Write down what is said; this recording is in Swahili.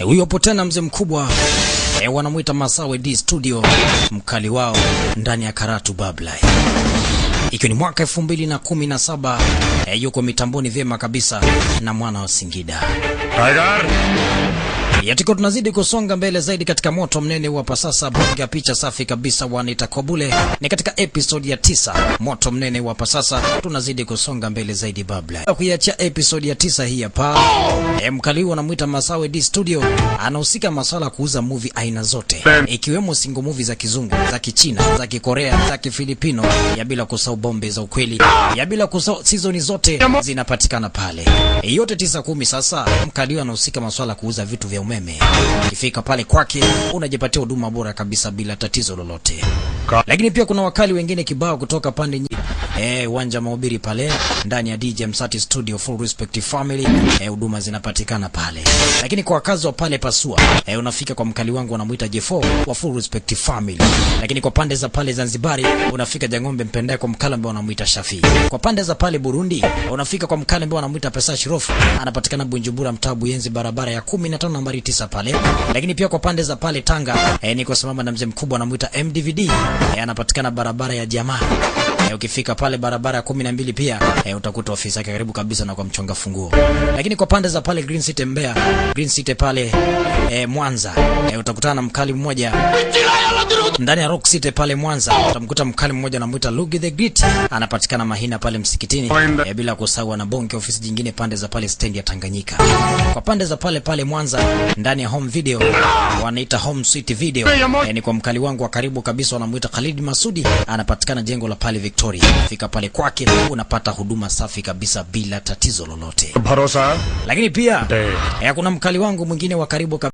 Eh, huyo hapo tena mzee mkubwa e, wanamwita Masawe D Studio, mkali wao ndani ya Karatu Bablai, ikiwa ni mwaka 2017 e, eh, yuko mitamboni vyema kabisa na mwana wa Singida Haidar. Yatiko tunazidi kusonga mbele zaidi katika moto mnene wa sasa. Bonga picha safi kabisa wanita Kobule ni katika episode ya tisa. Moto mnene wa sasa, tunazidi kusonga mbele zaidi babla, kuiachia episode ya tisa hii hapa. E, mkaliu anamwita Masawe D Studio, anahusika masuala ya kuuza movie aina zote, ikiwemo single movie za kizungu, za kichina, za kikorea, za kifilipino, ya bila kusahau bombe za ukweli, ya bila kusahau season zote zinapatikana pale, e, yote tisa kumi. Sasa mkaliu anahusika masuala ya kuuza vitu vya umeme. Ukifika pale kwake unajipatia huduma bora kabisa bila tatizo lolote, lakini pia kuna wakali wengine kibao kutoka pande eh, uwanja mahubiri pale ndani ya DJ Msati Studio, full respect family, eh, huduma eh, zinapatikana pale. Lakini kwa wakazi wa pale Pasua eh, unafika kwa mkali wangu anamuita J4 wa full respect family. Lakini kwa pande za pale Zanzibari unafika Jangombe mpendaye kwa mkala ambaye anamuita Shafi. Kwa pande za pale Burundi unafika kwa mkala ambaye anamuita Pesa Shirofu, anapatikana Bunjumbura mtabu yenzi barabara ya 15 nambari 9 pale. Lakini pia kwa pande za pale Tanga eh, ni kwa sababu na mzee mkubwa anamuita MDVD eh, anapatikana barabara ya jamaa eh, ukifika pale barabara ya 12 pia eh, utakuta ofisi yake karibu kabisa na kwa mchonga funguo. Lakini kwa pande za pale Green City Mbeya, Green City pale eh, Mwanza eh, utakutana na mkali mmoja ndani ya Rock City pale Mwanza utamkuta mkali mmoja anamuita Lugi the Great, anapatikana mahina pale msikitini eh, bila kusahau na Bonke ofisi jingine pande za pale stendi ya Tanganyika. Kwa pande za pale pale Mwanza ndani ya Home Video wanaita Home Sweet Video eh, ni kwa mkali wangu wa karibu kabisa wanamuita Khalid Masudi, anapatikana jengo la pale Victoria. Victoria. Fika pale kwake unapata huduma safi kabisa bila tatizo lolote. Lakini pia eh. eh, kuna mkali wangu mwingine wa karibu